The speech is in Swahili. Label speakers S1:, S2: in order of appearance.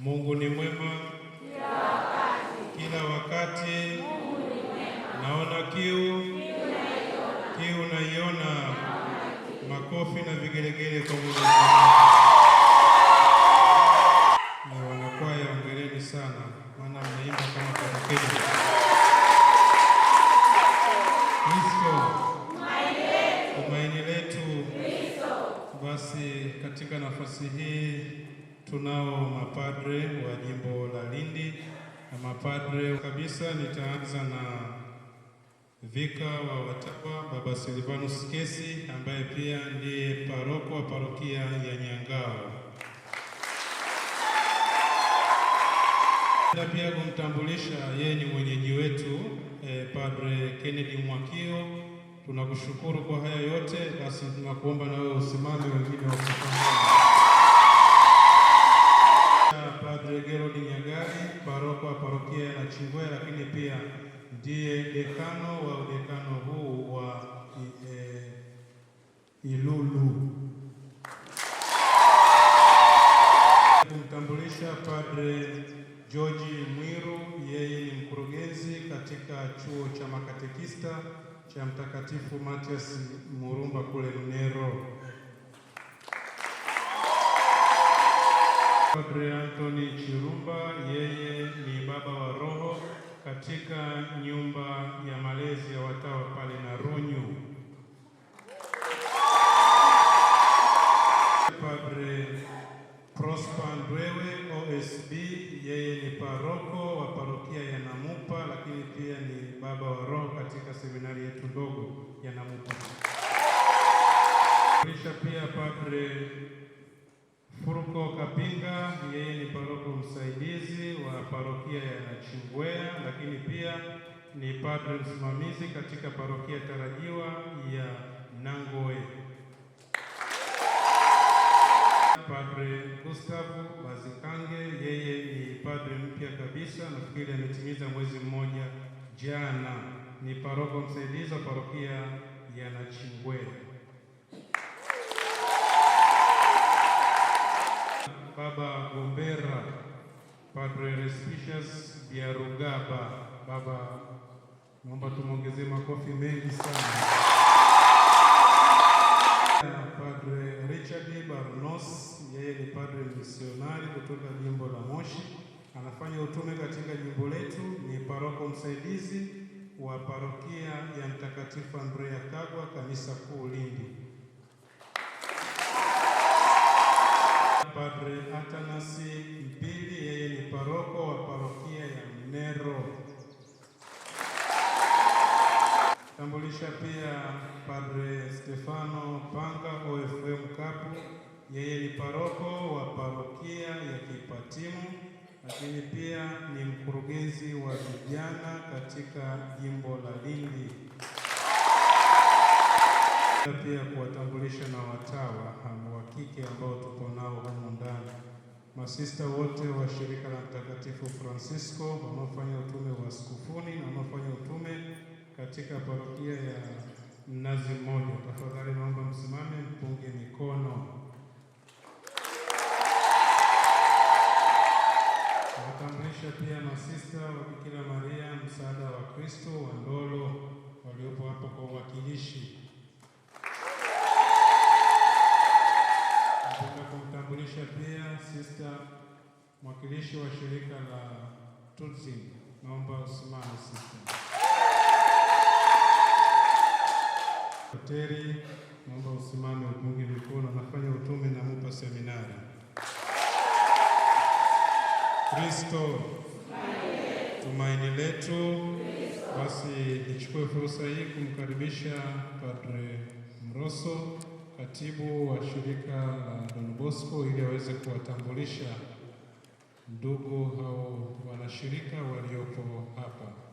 S1: Mungu ni mwema kila
S2: wakati,
S1: kila wakati.
S2: Mungu ni mwema.
S1: Naona kiu, kiu naiona. Makofi na vigelegele kwa Mungu. Na wanakwaya ongereni sana, maana mnaimba kama karakeni. tumaini letu. Basi katika nafasi hii tunao mapadre wa jimbo la Lindi na mapadre kabisa. Nitaanza na vika wa Watawa, Baba Silvanus Kesi ambaye pia ndiye paroko wa parokia ya Nyangao. Na pia kumtambulisha yeye ni mwenyeji wetu eh, Padre Kennedy Mwakio. Tunakushukuru kwa haya yote, basi tunakuomba na wewe usimame, wengine wa mwonekano wa udekano huu wa eh, Ilulu. Kumtambulisha Padre George Mwiru, yeye ni mkurugenzi katika chuo cha makatekista cha Mtakatifu Matias Murumba kule Mnero. Padre Anthony Chirumba, yeye ni baba wa roho katika nyumba ya malezi ya watawa pale Runyu. Padre Prosper Ndwewe OSB, yeye ni paroko wa parokia ya Namupa, lakini pia ni baba wa roho katika seminari yetu ndogo ya Namupa. Kisha pia Padre Furuko Kapinga, yeye paroko msaidizi wa parokia ya Nachingwea, lakini pia ni padre msimamizi katika parokia tarajiwa ya Nangoe, Padre Gustavu Bazikange. Yeye ni padre mpya kabisa, nafikiri ametimiza mwezi mmoja jana. Ni paroko msaidizi wa parokia ya Nachingwea. Padre Respicious Biarugaba. Baba, naomba tumwongezee makofi mengi sana Padre Richard Barnos, yeye ni padre misionari kutoka jimbo la Moshi, anafanya utume katika jimbo letu, ni paroko msaidizi wa parokia ya Mtakatifu Andrea Kagwa, kanisa kuu Lindi. Padre Atanasi kumshirikisha pia Padre Stefano Panga OFM Kapu, yeye ni paroko wa parokia ya Kipatimu, lakini pia ni mkurugenzi wa vijana katika jimbo la Lindi. Pia kuwatambulisha na watawa wa kike ambao tuko nao humu ndani, masista wote wa shirika la Mtakatifu Francisco wanaofanya utume wa skufuni na wanaofanya utume katika parokia ya Mnazi Mmoja. Tafadhali naomba msimame mpunge mikono. Nawatambulisha pia masista wa Bikira Maria Msaada wa Kristo wa Ndolo waliopo hapo kwa uwakilishi. Nataka kumtambulisha pia sista mwakilishi wa shirika la Tutsi. Naomba usimame sista. Presbiteri, naomba usimame upungi mikono. Anafanya utume, namupa seminari. Kristo tumaini letu. Basi nichukue fursa hii kumkaribisha Padre Mroso, katibu wa shirika la Don Bosco, ili aweze kuwatambulisha ndugu hao wanashirika walioko hapa.